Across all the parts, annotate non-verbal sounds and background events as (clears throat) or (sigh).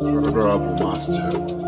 Rebel Master.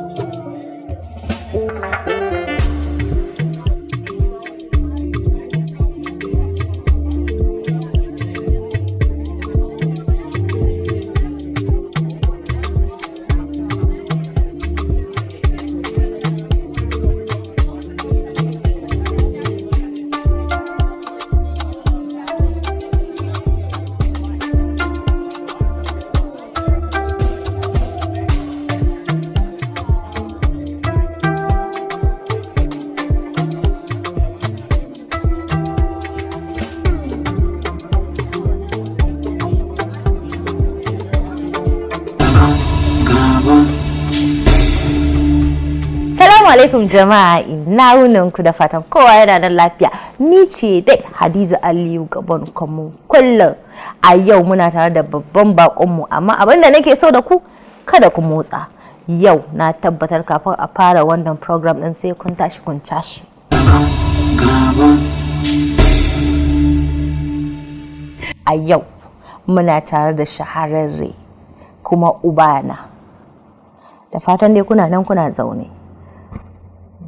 alaikum jama'a ina ku. da fatan kowa yana nan lafiya ni ce dai hadiza aliyu gaban kamun kullum a yau muna tare da babban bakonmu amma abinda nake so da ku kada ku motsa yau na tabbatar kafin a fara wannan program din sai kun tashi kun tashi a yau muna tare da shahararre kuma ubana da fatan dai kuna nan kuna zaune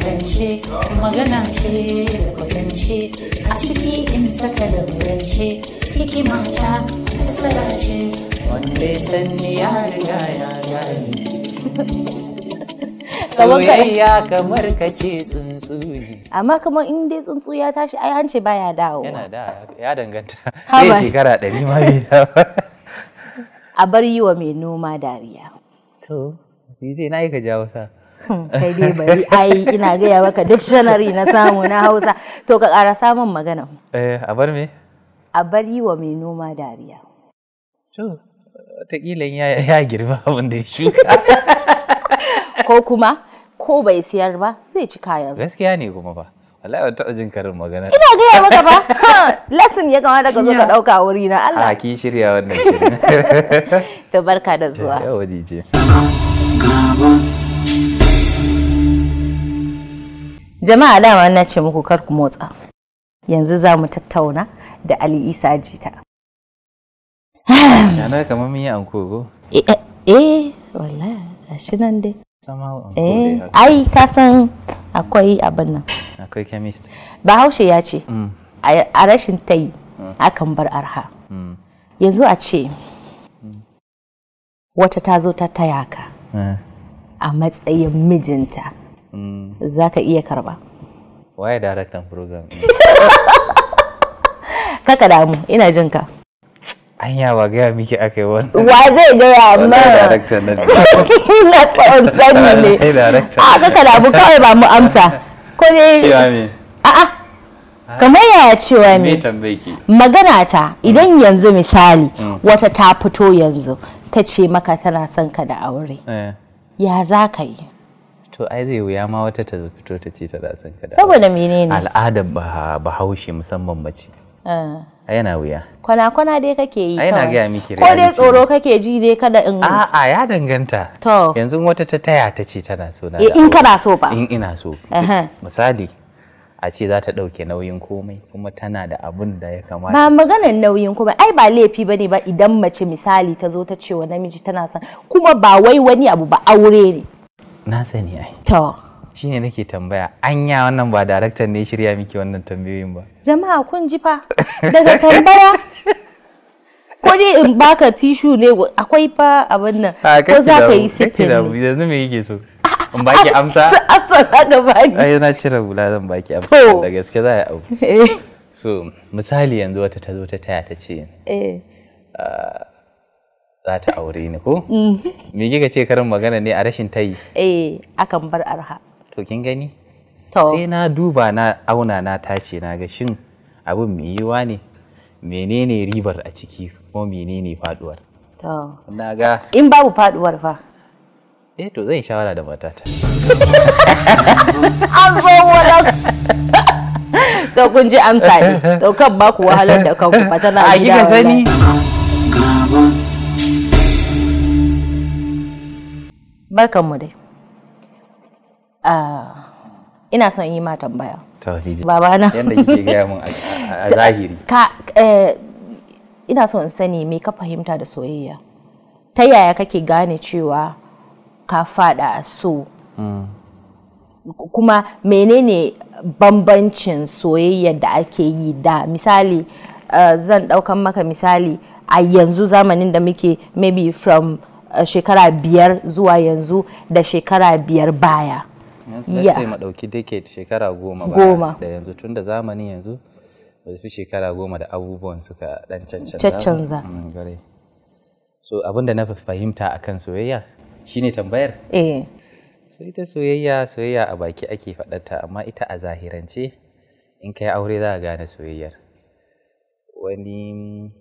zance magana ce da kwatance a ciki in saka zaburance hikima ta nasara ce wanda ya sanni ya riga ya gani soyayya kamar ka ce tsuntsu ne amma kamar in dai tsuntsu ya tashi ai an ce baya dawo yana da ya danganta Haba. zai shekara ɗari ma bai a bar yi wa mai noma dariya to ni zai na yi ka jawo sa Hmm, kai dai bari (laughs) ai ina gaya maka dictionary na samu na hausa to ka ƙara samun magana eh, a bar me a bari wa mai noma dariya to wataƙila ya girba abin da ya shuka (laughs) ko kuma ko bai siyar ba zai ci kayan gaskiya ne kuma ba wallahi ta jin karin magana ina gaya maka ba (laughs) lesson ya kamata ka zo ka ɗauka wuri na Allah a ki shirya wannan shirin to barka da zuwa Yau yawa dije jama'a dama na ce muku kar ku motsa yanzu za mu tattauna da ali isa jita yana kamar mun yi anko ko eh, eh, eh wallahi gashi nan dai eh ai ka san akwai abin nan akwai chemist bahaushe ya ce mm. a rashin tai mm. akan bar arha mm. yanzu a ce wata ta zo ta taya ka eh. a matsayin mijinta Mm. za ka iya karba waye daraktan program (laughs) kaka damu ina jin ka anya wa gaya miki aka yi wani wa zai gaya ma daraktan na (laughs) na tsawon sani ne a ah, kaka damu kawai ba mu amsa ko ne a'a kamar yaya cewa me magana ta idan mm. yanzu misali mm. wata ta fito yanzu ta ce maka tana son ka da aure eh. ya za ka yi to ai zai wuya ma wata ta fito ta ce ta san ka saboda menene al'adar bahaushe musamman mace ah. yana wuya kwana kwana dai kake yi ai yana ga miki ko dai tsoro kake ji dai kada in a a ya danganta to yanzu wata ta taya ta ce tana so na eh, in kana so ba in ina so misali a ce za ta ɗauke nauyin komai kuma tana da abin da ya kamata. Ba maganar nauyin komai ai ba laifi bane ba idan mace misali ta zo ta ce wa namiji tana son kuma ba wai wani abu ba aure ne. na sani ai to shine nake tambaya anya wannan ba daraktan ne shirya miki wannan tambayoyin ba jama'a kun ji fa daga tambaya (laughs) ko dai in baka tishu ne akwai fa abin nan ko za ka yi sifin ne yanzu me yake so (laughs) in baki amsa amsa za ka baki ai na cire hula zan baki amsa da gaske za yi abu eh. so misali yanzu wata ta zo ta taya ta ce eh ah, za ta aure ni ko mm. me kika ce karin magana ne a rashin tayi eh akan bar arha to kin gani sai na duba na auna na tace na ga shin abin mai yiwa ne menene ribar a ciki ko menene faduwar to na ga in babu faduwar fa eh to zan shawara da matata (laughs) an zo to kun ji amsa ne to kan ba ku wahalar da kanku ba tana gida a kika sani mu dai ah, ina son yi ma tambaya babana yadda kike gaya mun a (laughs) zahiri ka eh, ina son sani me ka fahimta da soyayya ta yaya kake gane cewa ka fada a so mm. kuma menene bambancin soyayya da ake yi da misali eh, zan daukan maka misali a yanzu zamanin da muke maybe from Eh, shekara biyar zuwa yanzu da shekara biyar baya ya sai maɗauki decade shekara goma baya da yanzu tun da zamani yanzu ba fi shekara goma da abubuwan suka dan caccanza mm, so abin da na fahimta akan soyayya shine tambayar eh so ita soyayya soyayya a baki ake faɗarta amma ita a zahirance in kai aure za a gane soyayyar wani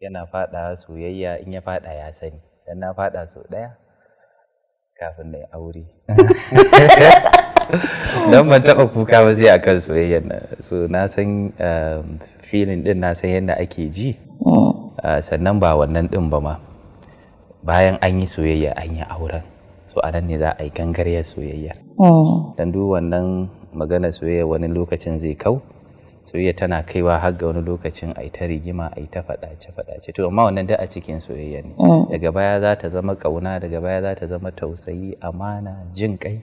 yana faɗa soyayya in ya faɗa ya sani dan na fada so daya kafin na yi aure (laughs) don ban taɓa kuka ba sai akan soyayya na so na san um, filin din na san yadda ake ji mm. ah, sannan ba wannan din ba ma bayan an yi soyayya an yi auren so a nan ne za a yi gangaryar soyayya mm. don duk wannan magana soyayya wani lokacin zai kau soyayya tana kaiwa har ga wani lokacin ai ta rigima ai ta faɗace faɗace to amma wannan da a cikin soyayya ne mm. daga baya za ta zama ƙauna daga baya za ta zama tausayi amana jin kai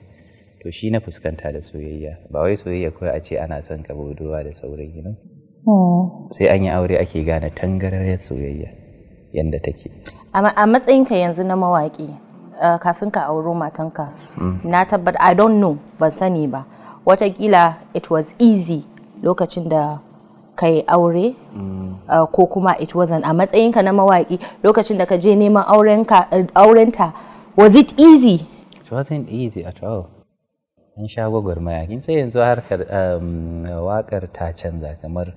to shi na fuskanta da soyayya ba wai soyayya kawai a ce ana son ka budurwa da sauran ginin mm. sai an yi aure ake gane tangararriyar soyayya yadda take a matsayinka yanzu na mawaƙi eh, kafin ka auro matanka mm. na tabbata i don't know ban sani ba watakila it was easy lokacin da kai aure mm. uh, ko kuma it wasn't a matsayinka na mawaki lokacin da ka je neman uh, aurenta was it easy it wasn't easy at all an sha gwagwarmaya kin sai yanzu harkar um, wakar ta canza kamar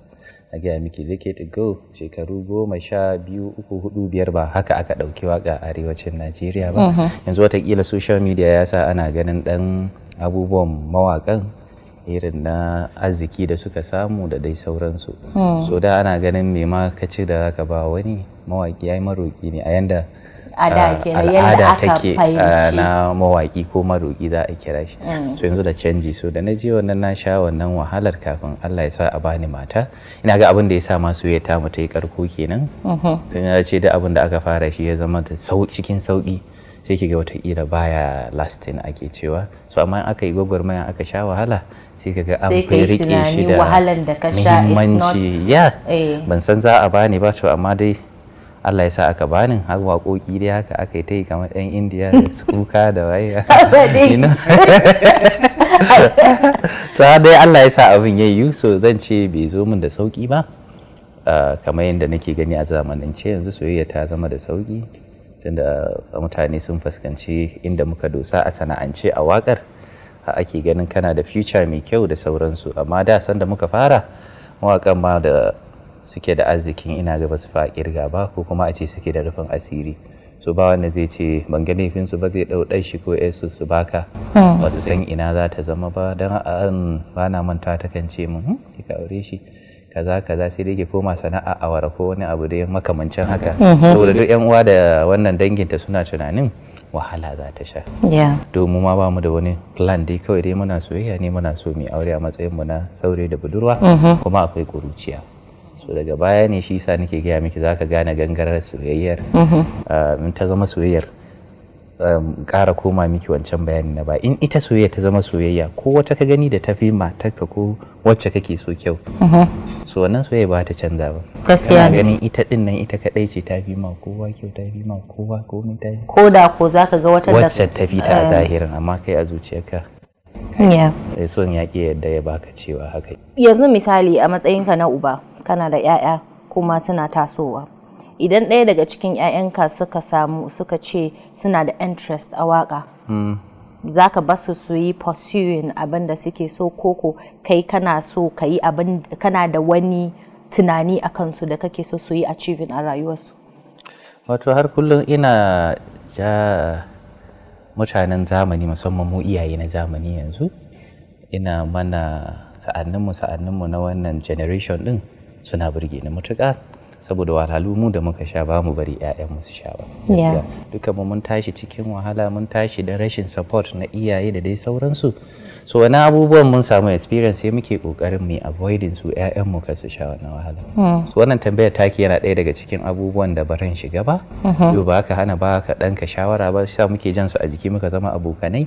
a gaya miki decade ago shekaru goma sha biyu uku hudu biyar ba haka aka ɗauki waka a arewacin najeriya ba mm-hmm. yanzu watakila social media ya sa ana ganin ɗan abubuwan mawakan irin na arziki da suka samu da dai sauransu hmm. so da ana ganin mai ma ka ci da zaka ba wani mawaki yi maroki ne a yanda ah, al'ada take ah, na mawaki ko maroki za a kira shi so hmm. yanzu da canji so da na je wannan na sha wannan wahalar kafin Allah ya sa a bani mata ina ga abin da ya sa masu ya ta mu ta yi karko kenan Sun mm-hmm. ya ce da abin da aka fara shi ya zama cikin sauki sai ki ga watakila baya lasting ake cewa so amma aka yi gwagwarmaya aka sha wahala sai ka ga an fi rike shi da muhimmanci ya eh. ban san za a bani ba to amma dai Allah ya sa aka bani har waƙoƙi dai haka aka yi ta yi kamar ɗan indiya da kuka da waye ta (laughs) (laughs) dai Allah ya sa abin ya yi so zan ce bai zo min da sauƙi ba ah, kamar yadda nake gani a zamanance yanzu soyayya ta zama da sauƙi tunda mutane sun fuskanci inda muka dosa a sana'ance a wakar ake ganin kana da future mai kyau da sauransu amma da sanda muka fara mawakan ma da suke da arzikin ina gaba su fa kirga ba ko kuma a ce suke da rufin asiri su ba wanda zai ce ban ga su ba zai dau shi ko yesu su su baka hmm. ba san ina za ta zama ba dan an bana manta ta kan ce mun hmm, ki aure shi kaza kaza sai dai ke koma sana'a a wara ko wani abu da makamancin haka mm-hmm. saboda duk yan uwa da wannan danginta suna tunanin wahala za ta sha domin ma ba mu da wani plan dai kawai dai muna soyayya ne muna so mu aure a matsayin mu na saure da budurwa mm-hmm. kuma akwai kuruciya so daga baya ne shi yasa nake gaya miki zaka gane gangarar soyayyar mm-hmm. ah, in ta zama soyayyar kara um, koma miki wancan bayani na ba in ita soyayya ta zama soyayya ko wata ka gani da tafi matarka ko wacce kake so kyau mm-hmm. so wannan soyayya ba ta canza ba gaskiya ne ganin ita din nan ita kadai ce ta fi ma kowa kyau ta fi ma kowa mai ta ko da ko zaka ga wata wacce ta fi ta eh. zahirin amma kai a zuciyarka ya eh, son ya ki yadda ya baka cewa haka yanzu misali a matsayinka na uba kana da 'ya'ya kuma suna tasowa idan ɗaya daga cikin 'ya'yanka suka samu suka ce suna da interest a waka za ka basu su yi pursuing abin da suke so koko kai kana so ka yi abin kana da wani tunani a kansu da kake so su yi achieving a rayuwarsu wato har kullum ina ja mutanen zamani musamman mu iyaye na zamani yanzu ina mana sa'anninmu sa'anninmu na wannan generation din suna burge ni matuƙa saboda wahalhalu mu da muka sha ba mu bari yayan su sha ba duka mu mun tashi cikin wahala mun tashi da rashin support na iyaye da dai sauransu so wani abubuwan mun samu experience sai muke kokarin mu avoiding su yayan mu kar su sha wannan wahala hmm. so wannan tambayar taki yana ɗaya daga cikin abubuwan da baran shiga ba mm-hmm. yau ba ka hana ba ka ka shawara ba sa muke jan su a jiki muka zama abokanai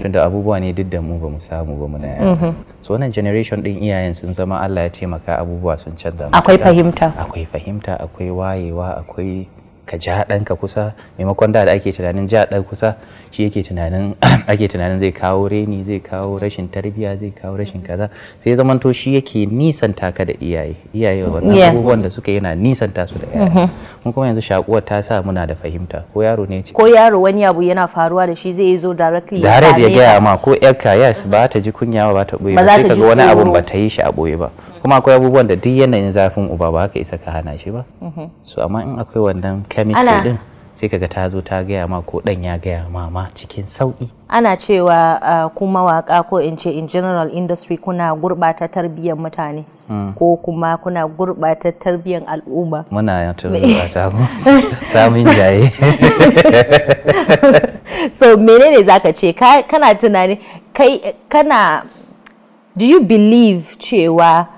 tunda abubuwa ne duk da mu ba mu samu ba na yara mm-hmm. so wannan generation din iyayen sun zama Allah ya taimaka abubuwa sun canza akwai fahimta akwai fahimta fahimta akwai wayewa akwai ka ja ɗanka kusa maimakon da ake tunanin ja ɗan kusa shi yake tunanin (clears throat) ake tunanin zai kawo reni zai kawo rashin tarbiyya zai kawo rashin kaza sai zamanto shi yake nisanta ka da iyaye iyaye wannan abubuwan da suka yana nisanta su da iyaye mm-hmm. mun kuma yanzu shakuwar ta sa muna da fahimta ko yaro ne ko yaro wani abu yana faruwa da shi zai zo directly direct ya gaya ma ko yarka yes ba ta ji kunya ba ta boye ba sai ka ga wani abu ba ta yi shi a boye ba kuma akwai abubuwan da duk yanayin zafin uba ba ka isa ka hana shi ba mhm. so amma in akwai wannan chemistry din sai kaga ta zo ta gaya ma ko dan ya gaya ma ma cikin sauki ana cewa ah, kuma waka ko in ce in general industry kuna gurbata tarbiyyar mutane hmm. ko kuma kuna gurbata tarbiyyar al'umma muna yantar gurbata mu. samun jaye (laughs) so menene zaka ce kana tunani kai kana do you believe cewa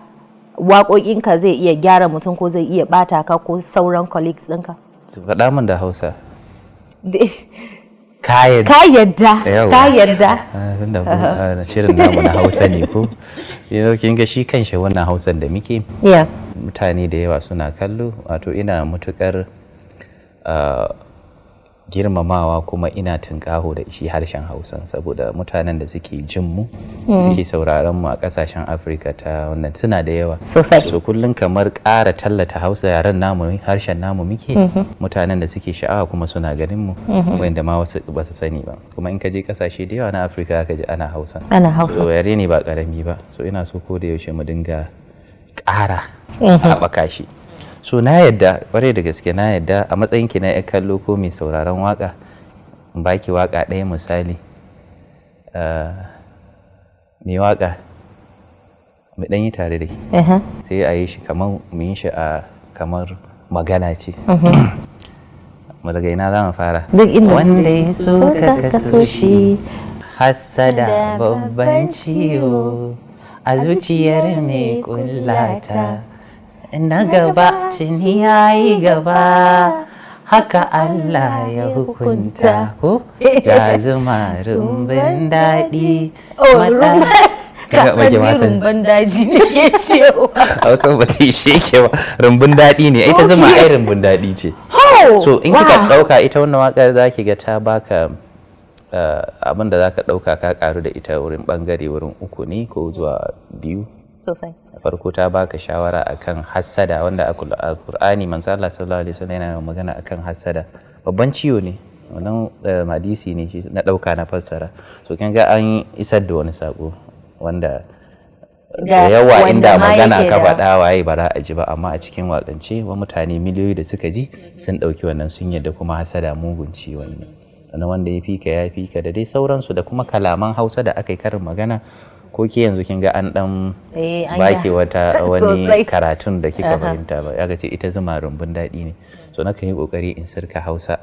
waƙoƙinka zai iya gyara mutum ko zai iya ɓata ka ko sauran colleagues ɗinka? faɗa min da hausa (laughs) ka yadda ka yadda ah, tunda ah, shirin namu na hausa ne ko (laughs) kin ga shi kanshi wannan hausan da muke mutane da yawa suna kallo wato ina matukar ah, girmamawa kuma ina tunƙaho da shi harshen hausan saboda mutanen da suke jin mu hmm. suke sauraron mu a ƙasashen afirka ta wannan suna da yawa so kullum kamar ƙara tallata hausa yaren namu harshen namu muke hmm. mutanen da suke sha'awa kuma suna ganin mu hmm. wanda ma wasu ba su sani ba kuma in ka je kasashe da yawa na afirka ka ji ana hausa ana hausa so yare ne ba karami ba so ina so ko da yaushe mu dinga ƙara a bakashi so na yadda kwarai da gaske na yadda a matsayin ki na yan kallo ko mai sauraron waka baki waka ɗaya misali eh, mai waka mu dan yi tare da ke. sai a yi shi kamar mu yi shi a kamar magana ce (clears throat) mu daga ina za mu fara duk inda wanda ya so ka kaso shi hassada babban ciwo a zuciyar mai kullata na gaba tuni yayi gaba haka Allah ya hukunta ko ya zuma rumbun daɗi kaga bage ma rumbun daji ne ke cewa (laughs) a wata ba ta ishe ba rumbun daɗi ne ita oh, zama ai rumbun daɗi ce oh, so in kika ɗauka ita wannan waƙar za ki ga ta baka eh, abin da za ka ɗauka ka ƙaru da ita wurin ɓangare wurin uku ne ko zuwa biyu sosai farko ta baka shawara akan hassada wanda a Qur'ani manzo Allah sallallahu alaihi wasallam yana magana akan hassada babban ciwo ne wannan madisi eh, ne na dauka na fassara so kin ga an isar da wani sako wanda da yawa inda magana ka faɗa waye ba a ji ba amma a cikin wakance wa mutane miliyoyi da suka ji sun ɗauki wannan sun yadda kuma hasada mugun ciwo ne sannan wanda ya fika ya fika da dai sauransu da kuma kalaman hausa da aka yi karin magana ko ke yanzu kin ga an dan eh, baki wata (laughs) wani karatun da kika fahimta ba ya ce ita zuma rumbun daɗi ne so na yi kokari in sirka hausa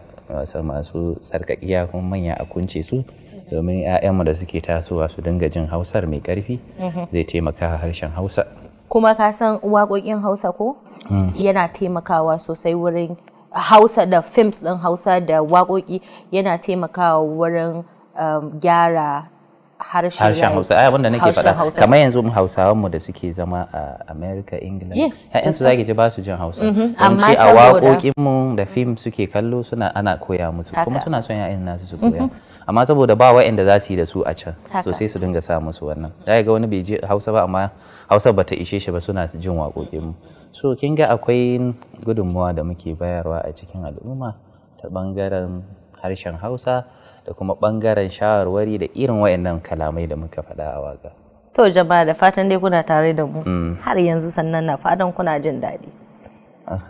masu sarkakiya kuma manya a kunce su domin 'ya'yanmu da suke tasowa su dinga jin hausar mai karfi mhm. zai taimaka harshen hausa kuma ka san waƙoƙin hausa ko mm. yana taimakawa sosai wurin hausa da films ɗin hausa da waƙoƙi yana taimakawa wurin um, gyara harshen hausa ai abinda nake faɗa kamar yanzu hausawan mu da suke zama a america england ya'yan su zaki ji ba su jin hausa mm-hmm, amma a waƙoƙin mu da fim suke kallo suna ana koya musu kuma suna son ya'yan nasu su mm-hmm. koya amma saboda ba wa'anda za su yi da su a can so sai su dinga sa musu wannan zai ga wani bai je hausa ba amma hausa ba ta ishe shi ba suna jin waƙoƙin mu so kin ga akwai gudunmawa da muke bayarwa a cikin al'umma ta bangaren harshen hausa da kuma ɓangaren shawarwari da irin wayannan kalamai da muka faɗa a waka. To jama'a da fatan dai kuna tare da mu mm. har yanzu sannan na fatan kuna jin daɗi.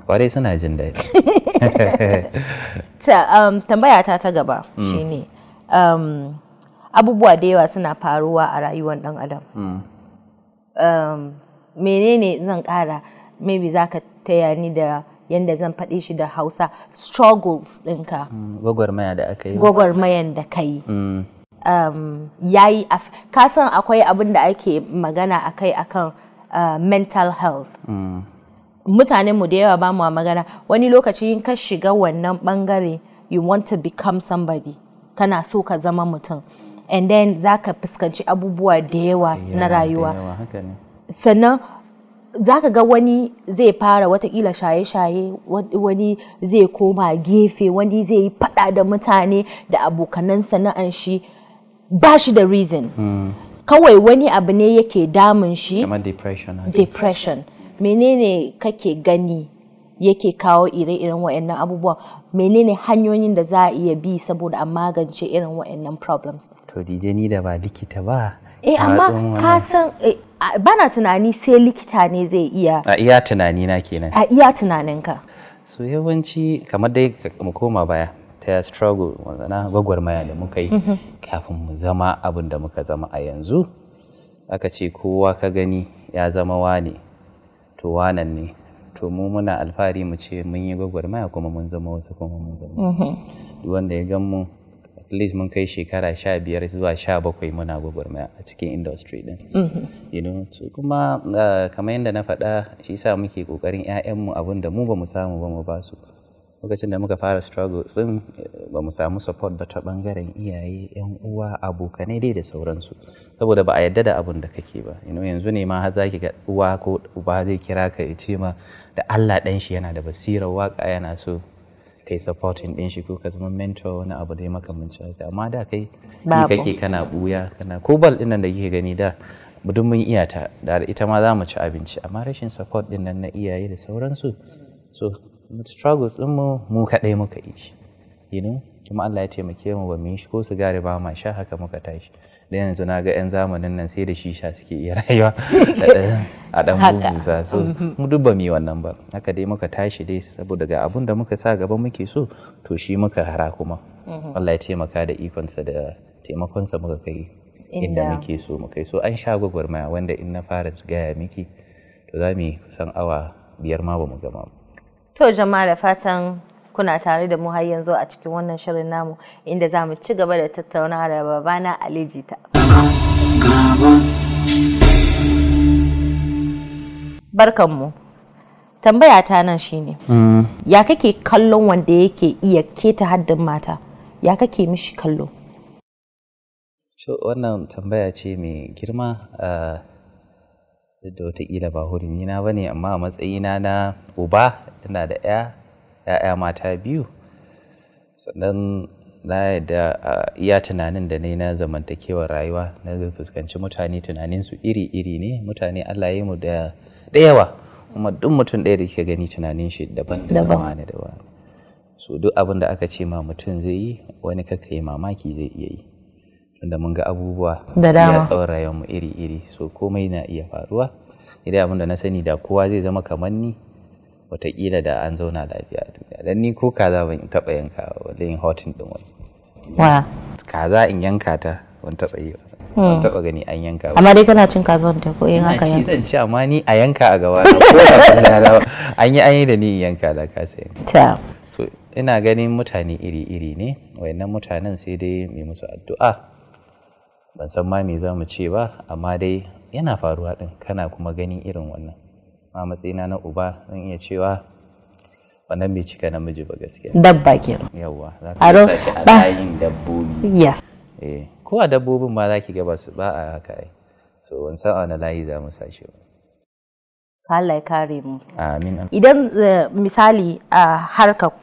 Kwarai ah, suna jin daɗi. (laughs) Um, tambaya ta ta gaba mm. shine um, abubuwa da yawa suna faruwa a rayuwar ɗan adam. Mm. Um, menene zan ƙara maybe za ka taya ni da yadda zan faɗi shi da hausa struggles ɗinka mm, gwagwarmaya da aka yi gwagwarmayan da ka yi mm. um, yayi ka san akwai abin da ake magana akai akan uh, mental health mm. Mutane mu da yawa ba mu magana wani lokaci in ka shiga wannan bangare you want to become somebody kana so ka zama mutum and then za ka fuskanci abubuwa da yawa na rayuwa sannan za ka ga wani zai fara watakila shaye-shaye wani zai koma gefe wani zai yi fada da mutane da abokanan sana'an shi ba shi da reason hmm. kawai wani abu ne yake damun shi depression depression menene kake gani yake kawo ire-iren waɗannan abubuwa menene hanyoyin da za a iya bi saboda a magance irin waɗannan problems to dije ni da ba likita ba eh amma ka san eh, bana tunani sai likita ne zai iya a iya tunani na kenan a iya tunaninka so yawanci kamar dai mu koma baya ta ya struggle na gwagwarmaya da muka yi mhm. kafin mu zama abin da muka zama a yanzu aka ce kowa ka gani ya zama wane to wanan ne to mu muna alfahari mu ce mun yi gwagwarmaya kuma mun zama wasu kuma mun zama mhm. wanda ya gan mu at mun kai shekara sha biyar zuwa sha bakwai muna gwagwarmaya a cikin industry din mm-hmm. you know so kuma ah, kamar yadda na faɗa shi sa muke ƙoƙarin 'ya'yanmu abin da mu ba mu samu ba mu ba su lokacin da muka fara struggle tsin eh, ba mu samu support ba ta bangaren iyaye yan uwa abokanai dai da sauransu saboda ba a yadda da abun da kake ba yanzu ne ma har ki ga uwa ko uba zai kira ka ya ce ma da Allah dan shi yana da basirar waka yana so kai supporting din shi ko ka zama mentor wani abu dai maka haka amma da kai ni kake kana buya kana ko bal din nan da kike gani da duk mun iya ta da ita ma za mu ci abinci amma rashin support din nan na iyaye da sauransu so struggles din mu mu kadai muka yi shi you know kuma Allah ya taimake mu ba mu yi shi ko sigari ba ma sha haka muka tashi da yanzu na ga 'yan zamanin nan sai da shisha suke iya (laughs) rayuwa a dan bubusa so mm-hmm. mu duba mi wannan ba haka dai muka tashi dai saboda ga abun da muka sa gaba muke so to shi muka hara kuma mm-hmm. Allah ya taimaka da ikonsa da taimakonsa muka kai inda muke so mu kai so an sha gwagwarmaya wanda in na fara gaya miki to za mu san awa biyar ma ba mu gama to jama'a da fatan kuna tare da mu har yanzu a cikin wannan shirin namu inda za mu ci gaba da tattauna da babana Ali Jita. Barkanmu. Tambaya ta nan shine. Mm. Ya kake kallon wanda yake iya keta haddin mata? Ya kake mishi kallo? Wannan tambaya ce mai girma ah, da watakila ba hurumina ba ne amma a matsayina na uba ina da 'ya 'ya'ya mata biyu sannan na yadda iya tunanin da ne na zamantakewar rayuwa na fuskanci mutane tunaninsu iri-iri ne mutane allah ya mu da yawa kuma duk mutum ɗaya da ke gani tunanin shi daban da wani da wani duk abin da aka ce ma mutum zai yi wani kakka yi mamaki zai iya yi tunda mun ga abubuwa da dama tsawon tsawon mu iri-iri so komai na iya faruwa idan abin da na sani da kowa zai zama kamar ni watakila da an zauna lafiya a duniya dan ni ko kaza ban taɓa yanka wanda yin hotin din wani wa kaza in yanka ta ban taɓa yi ban hmm. taɓa gani an yanka ba amma dai kana cin kaza wanda ko in haka yanka zan ci amma ni a yanka a gaba na, ko an yi an yi da ni in yanka da ka sai ta so ina ganin mutane iri-iri ne wayannan mutanen sai dai mai musu addu'a ban san ma me za mu ce ba amma dai yana faruwa din kana kuma ganin irin wannan ma matsayina na uba zan iya cewa wannan bai cika namiji ba gaskiya dabba ke yawa za ka yi sashi a layin dabbobi yes eh ko a dabbobin ba za ki gaba ba su ba a haka ai so wani sa'a na layi za mu sashi ba Allah ya kare mu amin idan eh, misali a harkar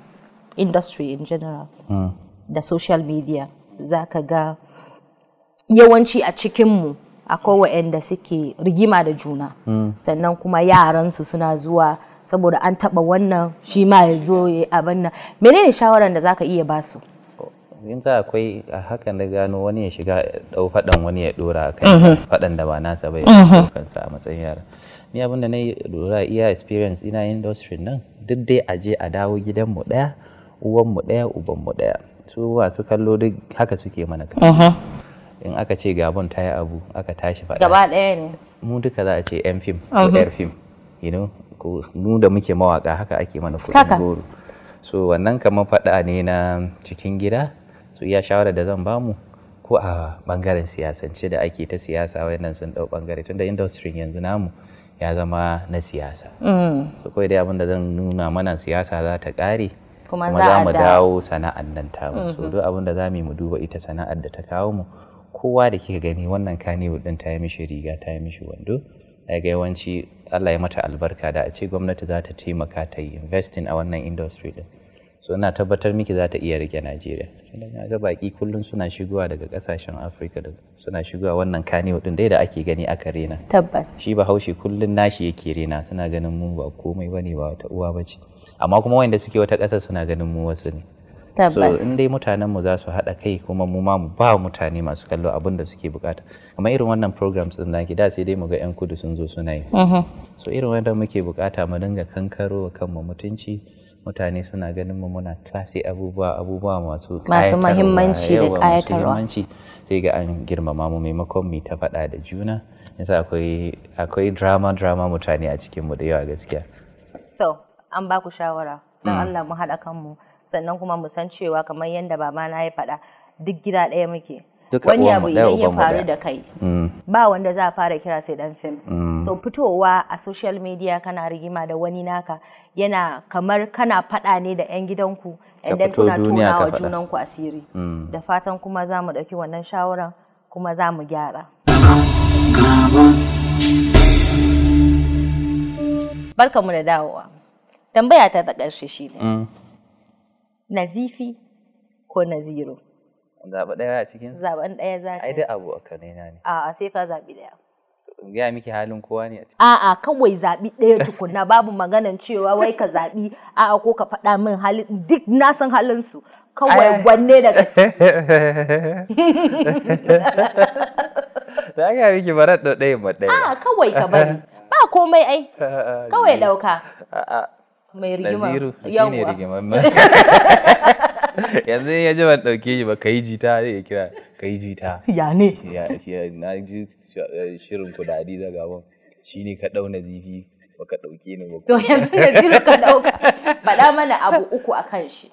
industry in general hmm. da social media za ka ga yawanci a cikinmu akwai waɗanda suke rigima da juna mm. sannan kuma yaransu suna zuwa saboda an taɓa wannan shi ma ya zo ya yi abin nan menene shawaran da zaka iya ba su in za akwai a hakan da gano wani ya shiga ɗau faɗan wani ya ɗora Kai mm-hmm. faɗan da ba nasa bai mm-hmm. kansa a matsayin yara ni abin da na yi ɗora iya experience ina industry nan duk dai a je a dawo gidanmu ɗaya uwanmu ɗaya ubanmu ɗaya su masu kallo duk haka suke mana ka in aka ce gabon ta yi abu aka tashi faɗa gaba ɗaya ne mu duka za a ce yan fim ko yar mhm. fim you know ko mu da muke mawaka haka ake mana kuɗin goro so wannan kamar faɗa ne na cikin gida so iya shawara da zan bamu ko a bangaren siyasance da ake ta siyasa wannan sun ɗau bangare tunda industry yanzu namu ya zama na siyasa mm. so kawai dai abin zan nuna mana siyasa za ta ƙare kuma za mu dawo sana'ar nan ta mu so mm-hmm. duk abin da za mu duba ita sana'ar da ta kawo mu kowa da kika gani wannan kani din ta yi mishi riga ta yi mishi wando ga yawanci Allah ya mata albarka da a ce gwamnati za ta taimaka ta yi investing a wannan industry din so ina tabbatar miki za ta iya rike Najeriya ga baki kullum suna shigowa daga kasashen Afirka da suna shigowa wannan kani din dai da ake gani aka rena tabbas shi bahaushe kullum nashi yake rena suna ganin mu ba komai bane ba wata uwa bace amma kuma wanda suke wata kasa suna ganin mu wasu ne so in dai mutanen mu za su haɗa kai kuma mu ma mu ba mutane masu kallo abin da suke bukata kamar irin wannan programs din zaki da sai dai mu ga yan kudu sun zo suna yi mm-hmm. so irin wanda muke bukata mu dinga kankaro kanmu mutunci mutane suna ganin mu muna classy abubuwa abubuwa masu masu muhimmanci da kayatarwa sai ga an girmama mu maimakon mu ta faɗa da juna yasa akwai akwai drama drama mutane a cikin mu da yawa gaskiya so an ba shawara dan mm. Allah mu haɗa kanmu sannan kuma mu san cewa kamar yadda babana ya faɗa duk gida ɗaya muke wani abu idan ya faru da kai mm. ba wanda za a fara kira sai dan fim mm. so fitowa a social media kana rigima da wani naka yana kamar kana faɗa ne da yan gidanku idan kuna tunawa junanku asiri mm. da fatan kuma za mu ɗauki wannan shawaran kuma za mu gyara barkanmu da dawowa tambaya ta ta shi ne nazifi ko naziru zaɓa ɗaya a cikin zaɓen ɗaya za ka ai duk abu a na ne a'a sai ka zaɓi ɗaya gaya miki halin kowa ne a cikin? a'a kawai zaɓi ɗaya (laughs) tukuna babu maganan cewa wai ka zaɓi a'a ko ka faɗa min halin duk na san halin su kawai wanne daga da (laughs) aka miki bara ɗaya ba ɗaya a'a kawai ka bari (laughs) ba komai ai kawai ɗauka a'a mai rigima laziru (laughs) yanzu ya ji ban ɗauke shi ba kai jita zai kira kai jita (laughs) ya ne na ji shirin ku da hadiza shi ne ka dauna zifi ka ɗauke ni ba to yanzu da ziru ka ɗauka faɗa mana abu uku a kan shi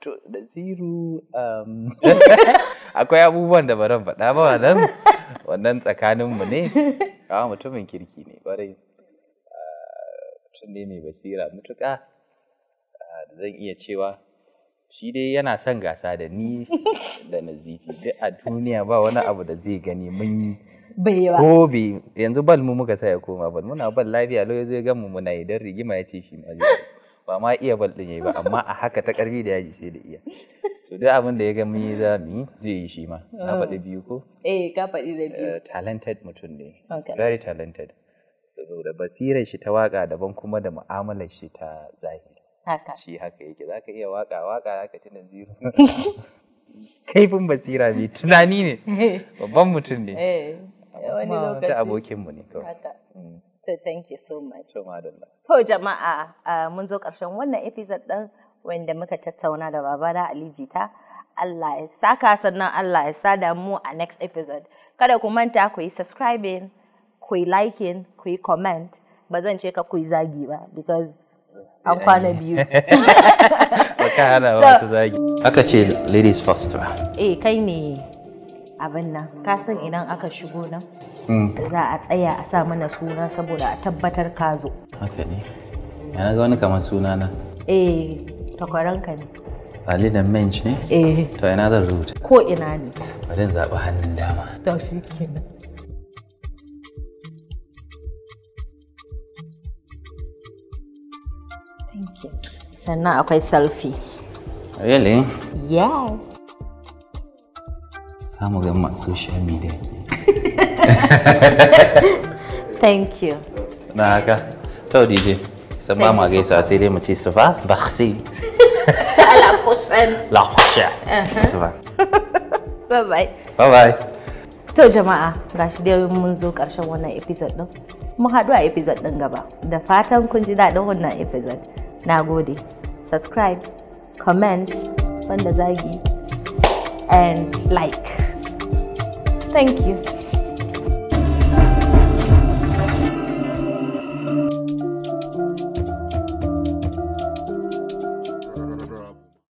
to da ziru um, (laughs) akwai abubuwan da baran faɗa ba wannan tsakanin tsakaninmu ne a mutumin kirki ne ƙwarai mutum ne mai basira mutuƙa ah, da zan iya cewa shi dai yana son gasa da ni da nazifi duk a duniya ba wani abu da zai gani mun yi ko bi yanzu bal mu muka saya koma bal muna bal lafiya lau zai gan mu muna don rigima ya ce shi na ba ma iya bal din yayi ba amma a haka ta karfi da yaji sai da iya so duk abin da ya ga mun yi za mu zai yi shi ma na faɗi biyu ko eh ka faɗi da biyu eh, talented mutum ne very talented da basirar shi ta waka daban kuma da mu'amalar shi ta zahiri haka shi haka yake za ka iya waka waka ka tuna biyu. (laughs) kaifin basira ne tunani ne (laughs) babban mutum ne eh, wani lokaci abokin mu ne kawai haka to mm. thank you so much so madalla to jama'a mun zo ƙarshen wannan episode ɗin wanda muka tattauna da babana Alijita, Allah ya saka sannan Allah ya sada mu a next episode kada ku manta ku yi subscribing ku yi liking ku yi comment ba zan ce ka ku yi zagi ba because an kwana biyu (laughs) baka hana ba ta zagi aka ce ladies first ba eh kai ne abin nan ka san idan aka shigo nan hmm. za a tsaya a sa mana suna saboda a tabbatar ka zo haka ne yana ga wani kamar suna na eh ka ne Ali da Mench ne? Eh. To ina zan rubuta. Ko ina ne? Bari zaɓi hannun dama. To shi kenan. sannan akwai selfie really yes za mu ga social media (laughs) thank you na haka to dj san ba ma gaisa sai dai mu ci su fa ba sai (laughs) la prochaine la prochaine uh-huh. su fa (laughs) bye bye bye bye to jama'a gashi dai mun zo karshen wannan episode din mu haɗu a episode din gaba da fatan kun ji daɗin wannan episode na gode subscribe comment wanda zagi and like thank you